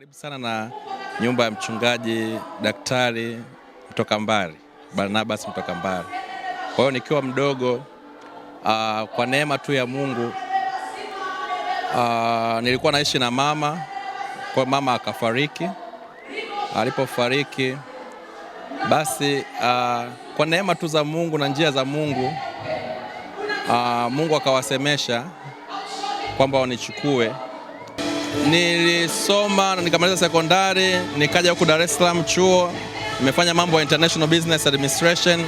Karibu sana na nyumba ya mchungaji daktari mtoka mbali Barnabas mtoka mbali. Kwa hiyo nikiwa mdogo uh, kwa neema tu ya Mungu uh, nilikuwa naishi na mama, kwa mama akafariki. Alipofariki basi uh, kwa neema tu za Mungu na njia za Mungu uh, Mungu akawasemesha kwamba wanichukue nilisoma na nikamaliza sekondari, nikaja huku Dar es Salaam chuo, nimefanya mambo ya international business administration.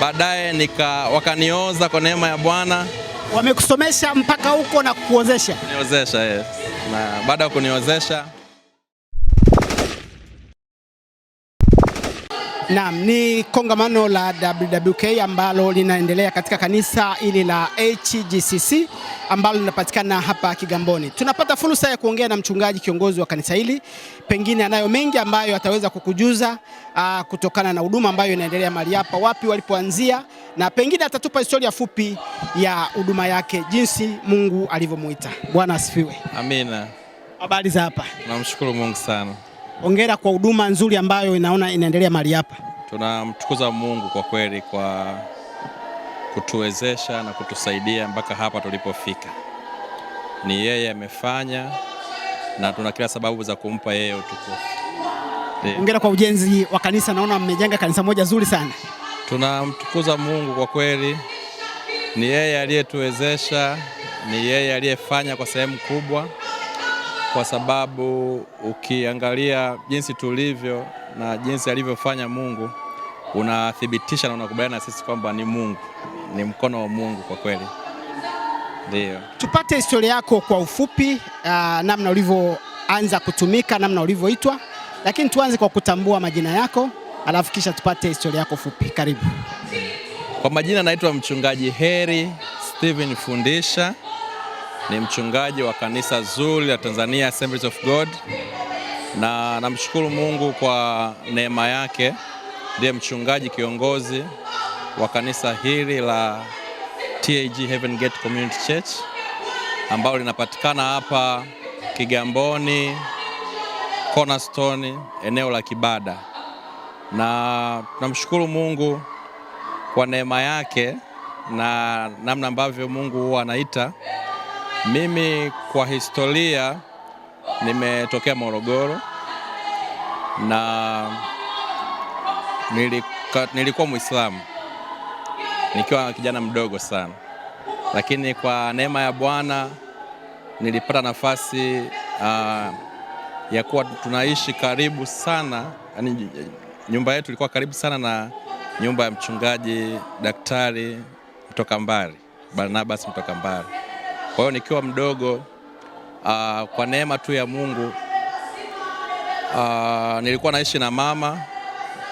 Baadaye nika wakanioza kwa neema ya Bwana. Wamekusomesha mpaka huko na kukuozesha? Niozesha, yes. Na baada ya kuniozesha Naam, ni kongamano la WWK ambalo linaendelea katika kanisa hili la HGCC ambalo linapatikana hapa Kigamboni. Tunapata fursa ya kuongea na mchungaji kiongozi wa kanisa hili, pengine anayo mengi ambayo ataweza kukujuza aa, ah, kutokana na huduma ambayo inaendelea mahali hapa, wapi walipoanzia, na pengine atatupa historia fupi ya huduma yake, jinsi Mungu alivyomuita. Bwana asifiwe. Amina. Habari za hapa? Namshukuru Mungu sana hongera kwa huduma nzuri ambayo inaona inaendelea mahali hapa. Tunamtukuza Mungu kwa kweli kwa kutuwezesha na kutusaidia mpaka hapa tulipofika. Ni yeye amefanya na tuna kila sababu za kumpa yeye utukufu. Hongera kwa ujenzi wa kanisa, naona mmejenga kanisa moja zuri sana. Tunamtukuza Mungu kwa kweli, ni yeye aliyetuwezesha, ni yeye aliyefanya kwa sehemu kubwa kwa sababu ukiangalia jinsi tulivyo na jinsi alivyofanya Mungu unathibitisha na unakubaliana na sisi kwamba ni Mungu, ni mkono wa Mungu kwa kweli. Ndio tupate historia yako kwa ufupi, uh, namna ulivyoanza kutumika, namna ulivyoitwa, lakini tuanze kwa kutambua majina yako, alafu kisha tupate historia yako fupi. Karibu. Kwa majina naitwa mchungaji Heri Steven Fundisha ni mchungaji wa kanisa zuri la Tanzania Assemblies of God, na namshukuru Mungu kwa neema yake, ndiye mchungaji kiongozi wa kanisa hili la TAG Heaven Gate Community Church ambalo linapatikana hapa Kigamboni Cornerstone, eneo la Kibada, na tunamshukuru Mungu kwa neema yake na namna ambavyo Mungu huwa anaita mimi kwa historia nimetokea Morogoro na nilikuwa, nilikuwa Muislamu nikiwa kijana mdogo sana, lakini kwa neema ya Bwana nilipata nafasi uh, ya kuwa tunaishi karibu sana, yani nyumba yetu ilikuwa karibu sana na nyumba ya mchungaji daktari Mtoka Mbali Barnabas Mtoka Mbali. Kwa hiyo nikiwa mdogo uh, kwa neema tu ya Mungu uh, nilikuwa naishi na mama,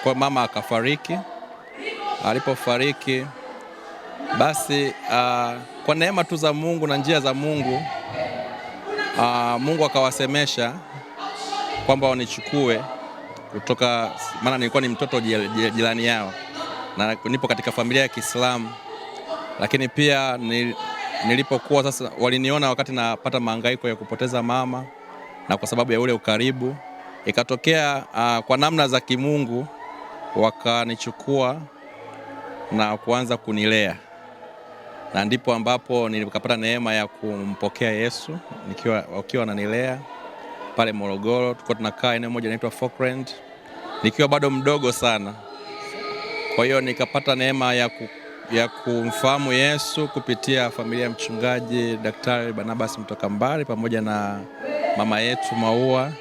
kwa mama akafariki. Alipofariki basi uh, kwa neema tu za Mungu na njia za Mungu uh, Mungu akawasemesha kwamba wanichukue kutoka, maana nilikuwa ni mtoto jirani yao na nipo katika familia ya Kiislamu, lakini pia ni nilipokuwa sasa, waliniona wakati napata mahangaiko ya kupoteza mama, na kwa sababu ya ule ukaribu ikatokea uh, kwa namna za kimungu wakanichukua na kuanza kunilea, na ndipo ambapo nikapata neema ya kumpokea Yesu nikiwa wakiwa wananilea pale Morogoro. Tulikuwa tunakaa eneo moja linaitwa Falkland, nikiwa bado mdogo sana. Kwa hiyo nikapata neema ya ya kumfahamu Yesu kupitia familia ya mchungaji Daktari Barnabas Mtokambali pamoja na mama yetu Maua,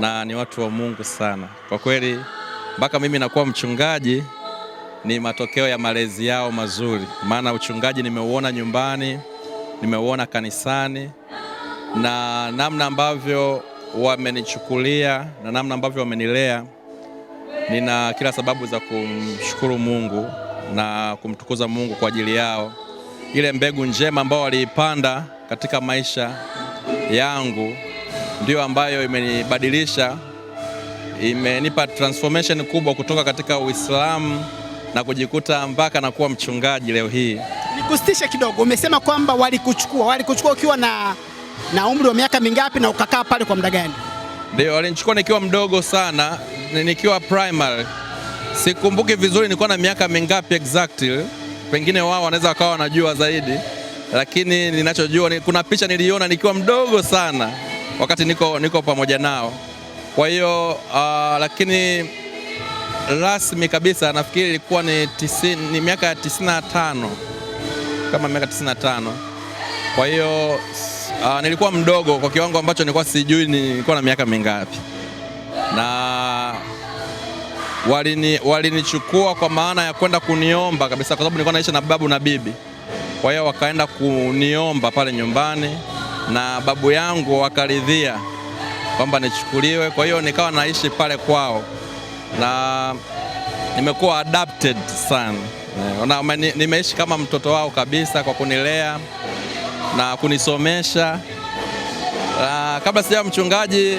na ni watu wa Mungu sana kwa kweli. Mpaka mimi nakuwa mchungaji ni matokeo ya malezi yao mazuri, maana uchungaji nimeuona nyumbani, nimeuona kanisani, na namna ambavyo wamenichukulia na namna ambavyo wamenilea, nina kila sababu za kumshukuru Mungu na kumtukuza Mungu kwa ajili yao, ile mbegu njema ambayo waliipanda katika maisha yangu ndiyo ambayo imenibadilisha, imenipa transformation kubwa kutoka katika Uislamu na kujikuta mpaka nakuwa mchungaji leo hii. Nikustishe kidogo, umesema kwamba walikuchukua. Walikuchukua ukiwa na, na umri wa miaka mingapi na ukakaa pale kwa muda gani? Ndio, walinichukua nikiwa mdogo sana, nikiwa primary Sikumbuki vizuri nilikuwa na miaka mingapi exactly, pengine wao wanaweza wakawa wanajua zaidi, lakini ninachojua ni, kuna picha niliona nikiwa mdogo sana wakati niko, niko pamoja nao. Kwa hiyo uh, lakini rasmi kabisa nafikiri ilikuwa ni, ni miaka ya tano kama miaka tano. Kwa hiyo uh, nilikuwa mdogo kwa kiwango ambacho nilikuwa sijui nilikuwa na miaka mingapi na walini walinichukua kwa maana ya kwenda kuniomba kabisa, kwa sababu nilikuwa naishi na babu na bibi. Kwa hiyo wakaenda kuniomba pale nyumbani na babu yangu wakaridhia kwamba nichukuliwe. Kwa hiyo nikawa naishi pale kwao na nimekuwa adapted sana eh, na, nimeishi kama mtoto wao kabisa kwa kunilea na kunisomesha. Na ah, kabla sijawa mchungaji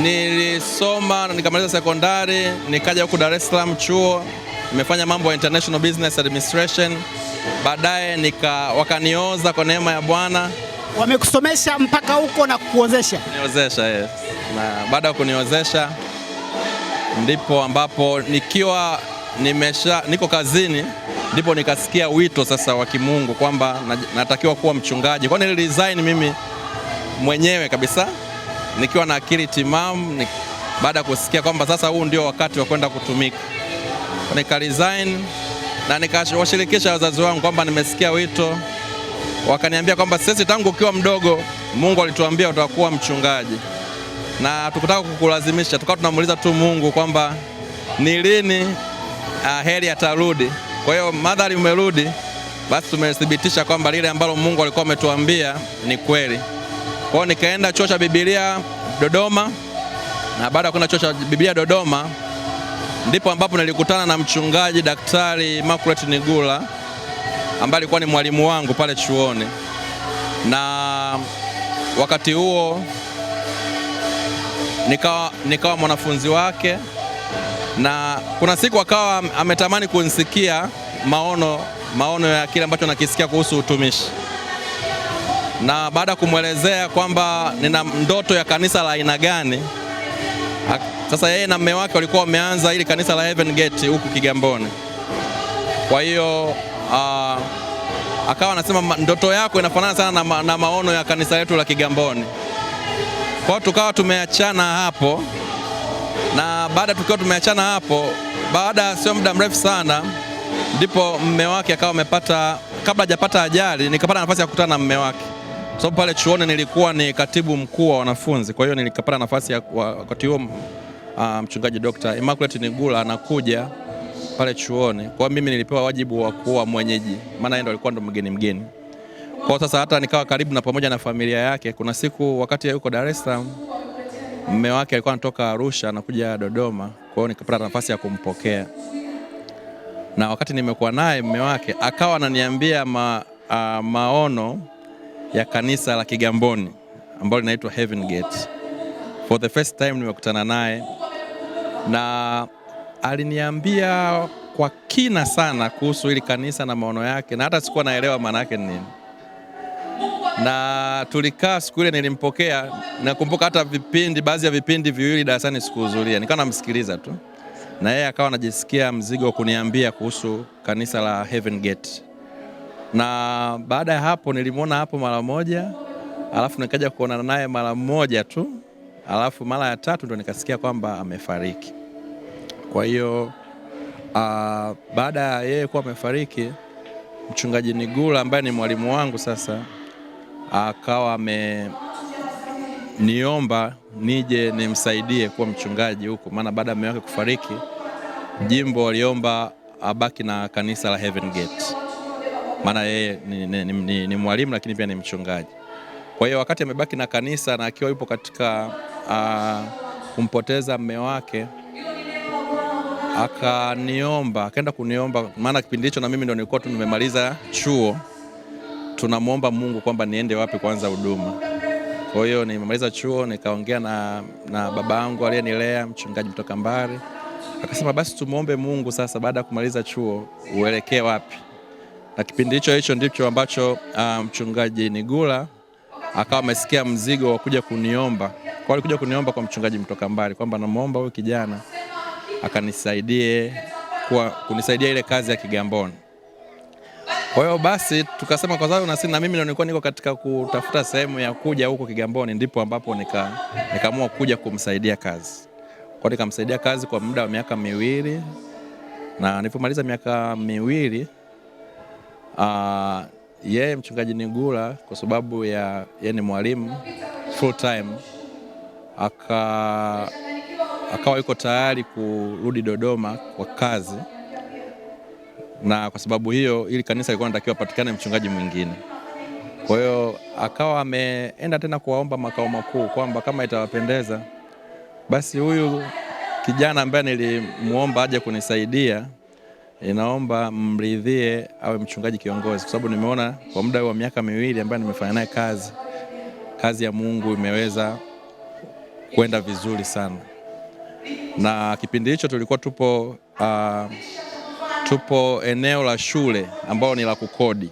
nilisoma na nikamaliza sekondari, nikaja huku Dar es Salaam chuo, nimefanya mambo ya international business administration. Baadaye nika wakanioza kwa neema ya Bwana. Wamekusomesha mpaka huko na kukuozesha? Niozesha, yes. Na baada ya kuniozesha ndipo ambapo nikiwa nimesha niko kazini ndipo nikasikia wito sasa wa kimungu kwamba natakiwa kuwa mchungaji, kwani resign mimi mwenyewe kabisa nikiwa na akili timamu ni, baada ya kusikia kwamba sasa huu ndio wakati wa kwenda kutumika nika resign na nikawashirikisha wazazi wangu kwamba nimesikia wito. Wakaniambia kwamba sisi tangu ukiwa mdogo Mungu alituambia utakuwa mchungaji, na tukutaka kukulazimisha, tukawa tunamuuliza tu Mungu kwamba ni lini ah, heri atarudi. Kwa hiyo madhari umerudi, basi tumethibitisha kwamba lile ambalo Mungu alikuwa ametuambia ni kweli. Kwa hiyo nikaenda chuo cha Biblia Dodoma, na baada ya kwenda chuo cha Biblia Dodoma ndipo ambapo nilikutana na mchungaji Daktari Makuret Nigula ambaye alikuwa ni mwalimu wangu pale chuoni, na wakati huo nikawa, nikawa mwanafunzi wake, na kuna siku akawa ametamani kunisikia maono maono ya kile ambacho nakisikia kuhusu utumishi na baada ya kumwelezea kwamba nina ndoto ya kanisa la aina gani. Sasa yeye na mme wake walikuwa wameanza ili kanisa la Heaven Gate huku Kigamboni. Kwa hiyo uh, akawa anasema ndoto yako inafanana sana na, ma, na maono ya kanisa letu la Kigamboni. Kwa hiyo tukawa tumeachana hapo, na baada tukiwa tumeachana hapo, baada sio muda mrefu sana, ndipo mme wake akawa amepata, kabla hajapata ajali, nikapata nafasi ya kukutana na mme wake sababu pale chuoni nilikuwa ni katibu mkuu wa wanafunzi, kwa hiyo nilikapata nafasi ya wakati huo uh, mchungaji Dr. Immaculate Nigula anakuja pale chuoni, kwa mimi nilipewa wajibu wa kuwa mwenyeji, maana yeye ndo alikuwa ndo mgeni mgeni. Kwa sasa hata nikawa karibu na pamoja na familia yake. Kuna siku wakati yuko Dar es Salaam, mume wake alikuwa anatoka Arusha anakuja Dodoma, kwa hiyo nikapata nafasi ya kumpokea, na wakati nimekuwa naye mume wake akawa ananiambia ma, uh, maono ya kanisa la Kigamboni ambalo linaitwa Heaven Gate. For the first time nimekutana naye na aliniambia kwa kina sana kuhusu hili kanisa na maono yake, na hata sikuwa naelewa maana yake ni nini, na tulikaa siku ile nilimpokea. Nakumbuka hata vipindi, baadhi ya vipindi viwili darasani sikuhudhuria, nikawa namsikiliza tu, na yeye akawa anajisikia mzigo wa kuniambia kuhusu kanisa la Heaven Gate na baada ya hapo nilimwona hapo mara moja, alafu nikaja kuonana naye mara moja tu, alafu mara ya tatu ndo nikasikia kwamba amefariki. Kwa hiyo uh, baada ya yeye kuwa amefariki, mchungaji Nigula ambaye ni mwalimu wangu sasa akawa ameniomba nije nimsaidie kuwa mchungaji huko, maana baada ya mume wake kufariki, jimbo waliomba abaki na kanisa la Heaven Gate maana yeye ni, ni, ni, ni, ni mwalimu lakini pia ni mchungaji. Kwa hiyo wakati amebaki na kanisa na akiwa yupo katika uh, kumpoteza mme wake akaniomba, akaenda kuniomba, maana kipindi hicho na mimi ndo nilikuwa tu nimemaliza chuo, tunamwomba Mungu kwamba niende wapi kwanza huduma. Kwa hiyo nimemaliza chuo nikaongea na, na baba yangu aliyenilea mchungaji mtoka mbali, akasema basi tumwombe Mungu sasa, baada ya kumaliza chuo uelekee wapi? na kipindi hicho hicho ndicho ambacho uh, mchungaji Nigula akawa amesikia mzigo wa kuja kuniomba kwa, alikuja kuniomba kwa mchungaji mtoka mbali kwamba namuomba huyu kijana akanisaidie kwa kunisaidia ile kazi ya Kigamboni. Kwa hiyo basi tukasema kwa sababu na sisi na mimi nilikuwa niko katika kutafuta sehemu ya kuja huko Kigamboni, ndipo ambapo nika nikaamua kuja kumsaidia kazi. Kwa nikamsaidia kazi kwa muda wa miaka miwili, na nilipomaliza miaka miwili uh, yeye mchungaji Nigula kwa sababu ya yeye ni mwalimu full time aka akawa yuko tayari kurudi Dodoma kwa kazi, na kwa sababu hiyo ili kanisa lilikuwa linatakiwa patikane mchungaji mwingine. Kwa hiyo akawa ameenda tena kuwaomba makao makuu kwamba kama itawapendeza basi huyu kijana ambaye nilimwomba aje kunisaidia inaomba mridhie awe mchungaji kiongozi, kwa sababu nimeona kwa muda wa miaka miwili ambayo nimefanya naye kazi, kazi ya Mungu imeweza kwenda vizuri sana, na kipindi hicho tulikuwa tupo uh, tupo eneo la shule ambao ni la kukodi,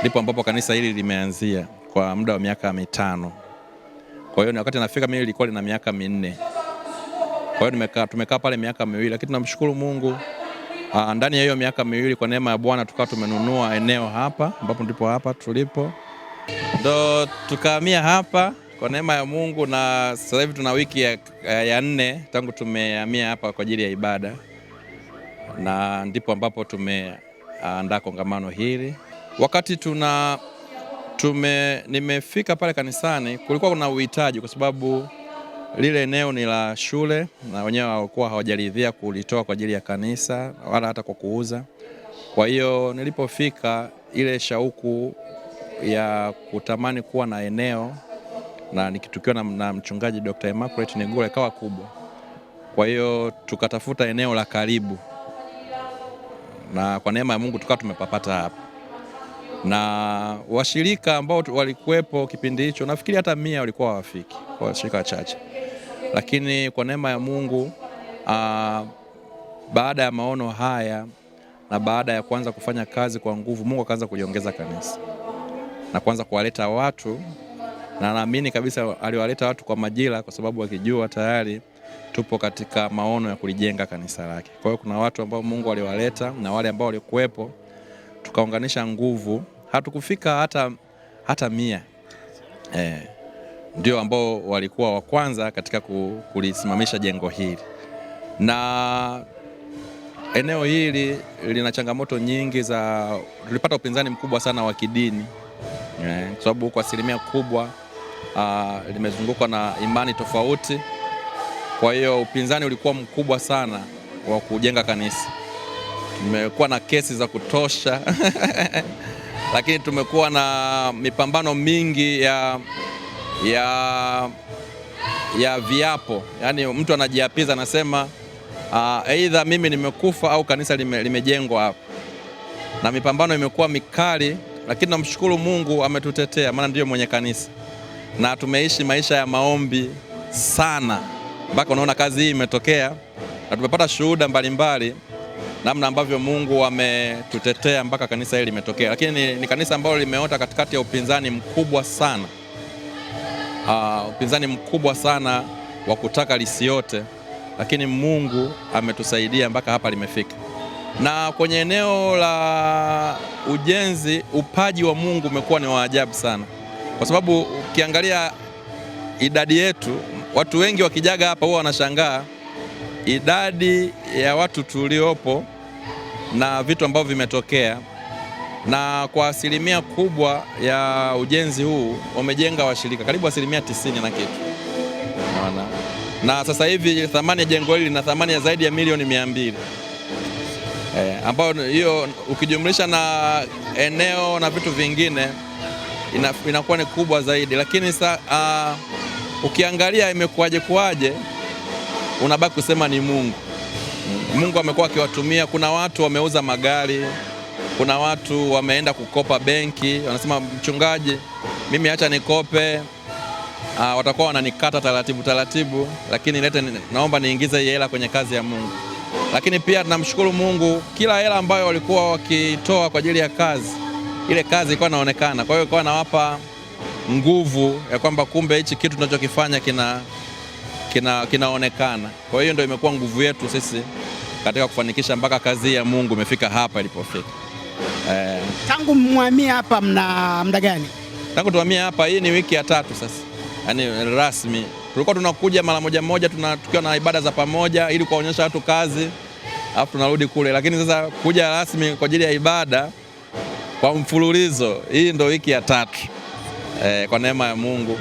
ndipo ambapo kanisa hili limeanzia kwa muda wa miaka mitano. Kwa hiyo ni wakati nafika mimi ilikuwa lina miaka minne. Kwa hiyo tumekaa pale miaka miwili, lakini tunamshukuru Mungu Uh, ndani ya hiyo miaka miwili kwa neema ya Bwana tukawa tumenunua eneo hapa ambapo ndipo hapa tulipo ndo tukahamia hapa kwa neema ya Mungu, na sasa hivi tuna wiki ya, ya nne tangu tumehamia hapa kwa ajili ya ibada, na ndipo ambapo tumeandaa uh, kongamano hili. Wakati tuna tume nimefika pale kanisani, kulikuwa kuna uhitaji kwa sababu lile eneo ni la shule na wenyewe hawakuwa hawajaridhia kulitoa kwa ajili ya kanisa wala hata kwa kuuza. Kwa hiyo nilipofika, ile shauku ya kutamani kuwa na eneo na nikitukiwa na, na mchungaji Dr. Immaculate Nigula ikawa kubwa. Kwa hiyo tukatafuta eneo la karibu na kwa neema ya Mungu tukawa tumepapata hapa, na washirika ambao walikuwepo kipindi hicho nafikiri hata mia walikuwa hawafiki, washirika wachache. Lakini kwa neema ya Mungu aa, ah, baada ya maono haya na baada ya kuanza kufanya kazi kwa nguvu, Mungu akaanza kuliongeza kanisa na kuanza kuwaleta watu, na naamini kabisa aliwaleta watu kwa majira, kwa sababu akijua tayari tupo katika maono ya kulijenga kanisa lake. Kwa hiyo kuna watu ambao Mungu aliwaleta na wale ambao walikuwepo, tukaunganisha nguvu, hatukufika hata, hata mia eh ndio ambao walikuwa wa kwanza katika kulisimamisha jengo hili, na eneo hili lina changamoto nyingi za, tulipata upinzani mkubwa sana wa kidini yeah, kwa sababu kwa asilimia kubwa uh, limezungukwa na imani tofauti. Kwa hiyo upinzani ulikuwa mkubwa sana wa kujenga kanisa. Tumekuwa na kesi za kutosha lakini tumekuwa na mipambano mingi ya ya, ya viapo, yaani mtu anajiapiza anasema, uh, mimi nimekufa au kanisa limejengwa lime hapa, na mipambano imekuwa mikali, lakini namshukuru Mungu ametutetea, maana ndiyo mwenye kanisa, na tumeishi maisha ya maombi sana mpaka unaona kazi hii imetokea, na tumepata shuhuda mbalimbali namna ambavyo Mungu ametutetea mpaka kanisa hili limetokea, lakini ni, ni kanisa ambalo limeota katikati ya upinzani mkubwa sana uh, upinzani mkubwa sana wa kutaka lisiote, lakini Mungu ametusaidia mpaka hapa limefika. Na kwenye eneo la ujenzi, upaji wa Mungu umekuwa ni wa ajabu sana, kwa sababu ukiangalia idadi yetu, watu wengi wakijaga hapa huwa wanashangaa idadi ya watu tuliopo na vitu ambavyo vimetokea na kwa asilimia kubwa ya ujenzi huu wamejenga washirika karibu asilimia tisini na kitu Mwana. na sasa hivi thamani ya jengo hili lina thamani ya zaidi ya milioni mia mbili eh, ambayo hiyo ukijumlisha na eneo na vitu vingine ina, inakuwa ni kubwa zaidi, lakini sa, uh, ukiangalia imekuwaje kuwaje, unabaki kusema ni Mungu. Mungu amekuwa akiwatumia, kuna watu wameuza magari kuna watu wameenda kukopa benki, wanasema mchungaji, mimi acha nikope. Uh, watakuwa wananikata taratibu taratibu, lakini lete, naomba niingize hii hela kwenye kazi ya Mungu. Lakini pia tunamshukuru Mungu, kila hela ambayo walikuwa wakitoa kwa ajili ya kazi, ile kazi ilikuwa inaonekana. Kwa hiyo ilikuwa nawapa nguvu ya kwamba kumbe hichi kitu tunachokifanya kina kinaonekana Kwa hiyo ndio imekuwa nguvu yetu sisi katika kufanikisha mpaka kazi ya Mungu imefika hapa ilipofika. Eh. Tangu mwamia hapa mna muda gani? Tangu tuhamia hapa hii ni wiki ya tatu sasa, yaani rasmi. Tulikuwa tunakuja mara moja moja tuna, tukiwa na ibada za pamoja ili kuwaonyesha watu kazi alafu tunarudi kule, lakini sasa kuja rasmi kwa ajili ya ibada kwa mfululizo hii ndo wiki ya tatu e, kwa neema ya Mungu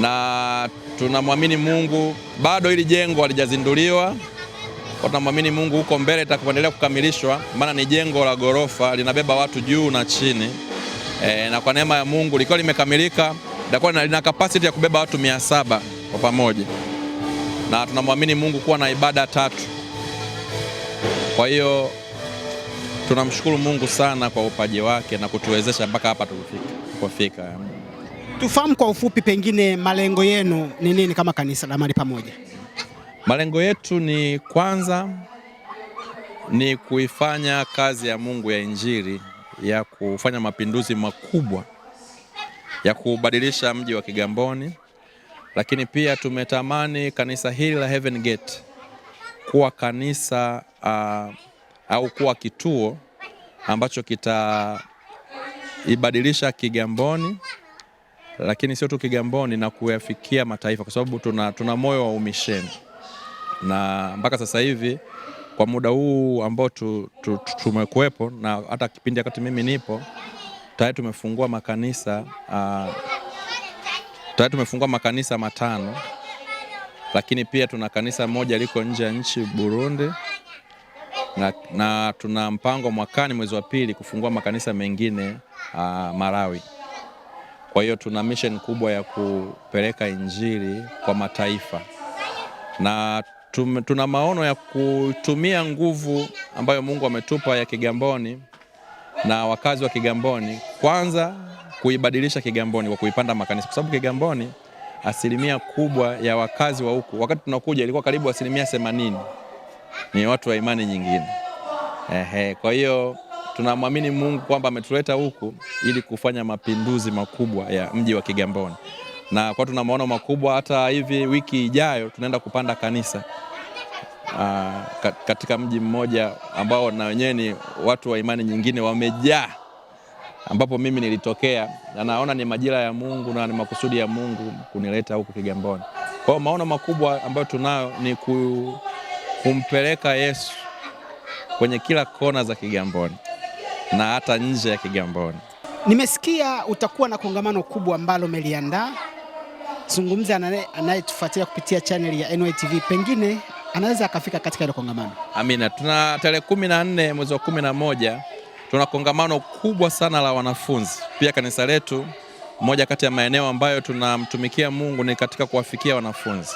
na tunamwamini Mungu. Bado hili jengo halijazinduliwa tunamwamini Mungu huko mbele itakapoendelea kukamilishwa, maana ni jengo la ghorofa linabeba watu juu na chini e, na kwa neema ya Mungu likiwa limekamilika litakuwa lina kapasiti ya kubeba watu mia saba kwa pamoja, na tunamwamini Mungu kuwa na ibada tatu. Kwa hiyo tunamshukuru Mungu sana kwa upaji wake na kutuwezesha mpaka hapa tulipofika. Tufahamu kwa ufupi, pengine malengo yenu ni nini kama kanisa la Mahali Pamoja? Malengo yetu ni kwanza ni kuifanya kazi ya Mungu ya Injili ya kufanya mapinduzi makubwa ya kubadilisha mji wa Kigamboni, lakini pia tumetamani kanisa hili la Heaven Gate kuwa kanisa uh, au kuwa kituo ambacho kitaibadilisha Kigamboni, lakini sio tu Kigamboni na kuyafikia mataifa, kwa sababu tuna, tuna moyo wa umisheni na mpaka sasa hivi kwa muda huu ambao tu, tu, tu, na hata kipindi wakati mimi nipo tayari tumefungua makanisa uh, tayari tumefungua makanisa matano, lakini pia tuna kanisa moja liko nje ya nchi Burundi, na, na tuna mpango mwakani mwezi wa pili kufungua makanisa mengine uh, Malawi. Kwa hiyo tuna mission kubwa ya kupeleka injili kwa mataifa na tum, tuna maono ya kutumia nguvu ambayo Mungu ametupa ya Kigamboni na wakazi wa Kigamboni, kwanza kuibadilisha Kigamboni kwa kuipanda makanisa, kwa sababu Kigamboni asilimia kubwa ya wakazi wa huku wakati tunakuja ilikuwa karibu asilimia themanini ni watu wa imani nyingine. Ehe, kwa hiyo tunamwamini Mungu kwamba ametuleta huku ili kufanya mapinduzi makubwa ya mji wa Kigamboni, na kwa tuna maono makubwa. Hata hivi wiki ijayo tunaenda kupanda kanisa Ah, katika mji mmoja ambao na wenyewe ni watu wa imani nyingine wamejaa, ambapo mimi nilitokea, na naona ni majira ya Mungu na ni makusudi ya Mungu kunileta huku Kigamboni. Kwa hiyo maono makubwa ambayo tunayo ni ku, kumpeleka Yesu kwenye kila kona za Kigamboni na hata nje ya Kigamboni. Nimesikia utakuwa na kongamano kubwa ambalo umeliandaa. Zungumza anayetufuatilia kupitia chaneli ya NYTV, pengine anaweza akafika katika hilo kongamano. Amina. Tuna tarehe kumi na nne mwezi wa kumi na moja tuna kongamano kubwa sana la wanafunzi. Pia kanisa letu, moja kati ya maeneo ambayo tunamtumikia Mungu ni katika kuwafikia wanafunzi.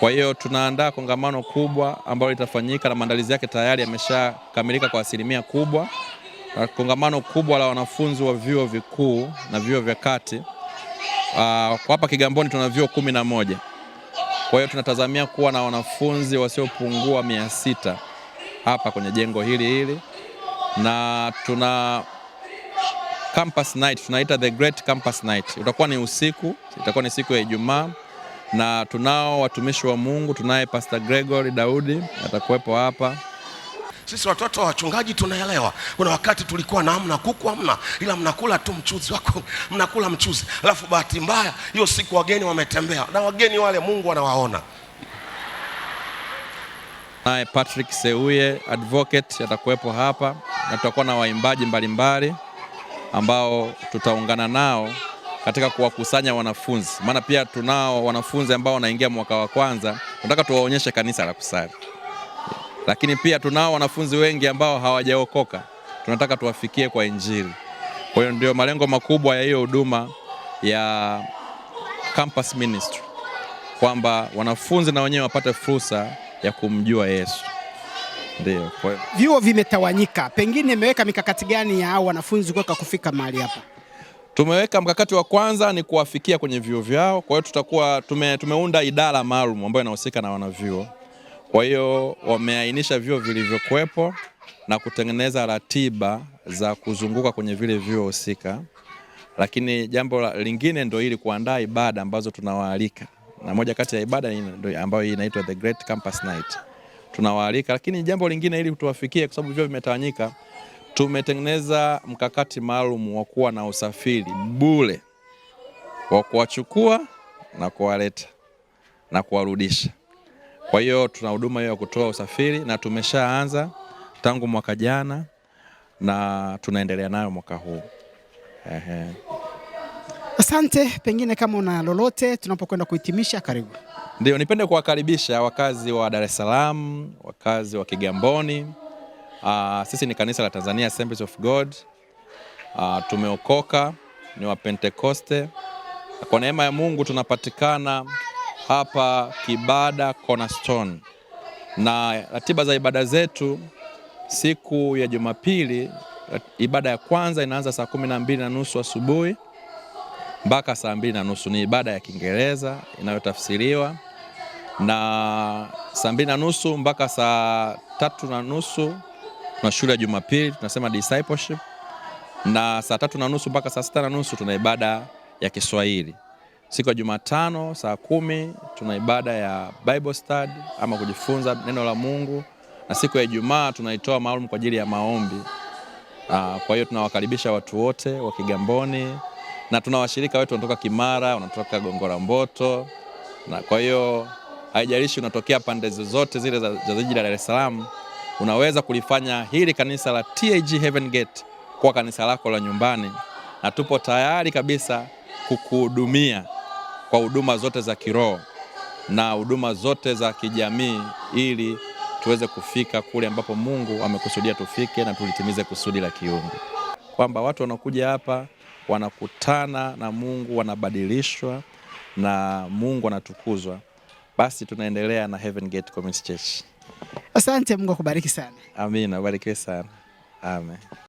Kwa hiyo tunaandaa kongamano kubwa ambalo litafanyika na maandalizi yake tayari yameshakamilika kwa asilimia kubwa, kongamano kubwa la wanafunzi wa vyuo vikuu na vyuo vya kati. Ah, kwa hapa Kigamboni tuna vyuo kumi na moja. Kwa hiyo tunatazamia kuwa na wanafunzi wasiopungua mia sita hapa kwenye jengo hili hili, na tuna campus night, tunaita the great campus night. Utakuwa ni usiku, itakuwa ni siku ya Ijumaa, na tunao watumishi wa Mungu. Tunaye Pastor Gregory Daudi atakuwepo hapa sisi watoto wa wachungaji tunaelewa. Kuna wakati tulikuwa na hamna kuku hamna, ila mnakula tu mchuzi wako, mnakula mchuzi. Alafu bahati mbaya hiyo siku wageni wametembea, na wageni wale Mungu anawaona. Naye Patrick Seuye advocate atakuwepo hapa, na tutakuwa na waimbaji mbalimbali ambao tutaungana nao katika kuwakusanya wanafunzi, maana pia tunao wanafunzi ambao wanaingia mwaka wa kwanza, tunataka tuwaonyeshe kanisa la kusali lakini pia tunao wanafunzi wengi ambao hawajaokoka, tunataka tuwafikie kwa Injili. Kwa hiyo ndio malengo makubwa ya hiyo huduma ya campus ministry, kwamba wanafunzi na wenyewe wapate fursa ya kumjua Yesu. Ndio. Vyuo vimetawanyika, pengine imeweka mikakati gani ya hao wanafunzi kuweka kufika mahali hapa? Tumeweka mkakati wa kwanza ni kuwafikia kwenye vyuo vyao. Kwa hiyo tutakuwa tume, tumeunda idara maalum ambayo inahusika na wanavyuo kwa hiyo wameainisha vyuo vilivyokuwepo na kutengeneza ratiba za kuzunguka kwenye vile vyuo husika, lakini jambo lingine ndio ili kuandaa ibada ambazo tunawaalika, na moja kati ya ibada ambayo inaitwa The Great Campus Night tunawaalika. Lakini jambo lingine ili tuwafikie, kwa sababu vyuo vimetawanyika, tumetengeneza mkakati maalum wa kuwa na usafiri bure wa kuwachukua na kuwaleta na kuwarudisha. Kwa hiyo tuna huduma hiyo ya kutoa usafiri na tumeshaanza tangu mwaka jana na tunaendelea nayo mwaka huu. Ehe. Asante, pengine kama una lolote tunapokwenda kuhitimisha, karibu. Ndio, nipende kuwakaribisha wakazi wa Dar es Salaam, wakazi wa Kigamboni. Uh, sisi ni kanisa la Tanzania Assemblies of God. Uh, tumeokoka ni wa pentekoste kwa neema ya Mungu tunapatikana hapa Kibada Cornerstone, na ratiba za ibada zetu siku ya Jumapili, ibada ya kwanza inaanza saa kumi na mbili na nusu asubuhi mpaka saa mbili na nusu ni ibada ya Kiingereza inayotafsiriwa na saa mbili na nusu mpaka saa tatu na nusu tuna shule ya Jumapili tunasema discipleship, na saa tatu na nusu mpaka saa sita na nusu tuna ibada ya Kiswahili. Siku ya Jumatano saa kumi tuna ibada ya Bible study ama kujifunza neno la Mungu, na siku ya Ijumaa tunaitoa maalum kwa ajili ya maombi. Ah, kwa hiyo tunawakaribisha watu wote wa Kigamboni na tuna washirika wetu wanatoka Kimara, wanatoka Gongo la Mboto, na kwa hiyo haijalishi unatokea pande zozote zile za, za jiji la Dar es Salaam, unaweza kulifanya hili kanisa la TAG Heaven Gate kwa kanisa lako la nyumbani, na tupo tayari kabisa kukuhudumia kwa huduma zote za kiroho na huduma zote za kijamii ili tuweze kufika kule ambapo Mungu amekusudia tufike na tulitimize kusudi la kiungu, kwamba watu wanakuja hapa wanakutana na Mungu, wanabadilishwa na Mungu anatukuzwa. Basi tunaendelea na Heaven Gate Community Church. Asante, Mungu akubariki sana. Amina, barikiwe sana. Amen.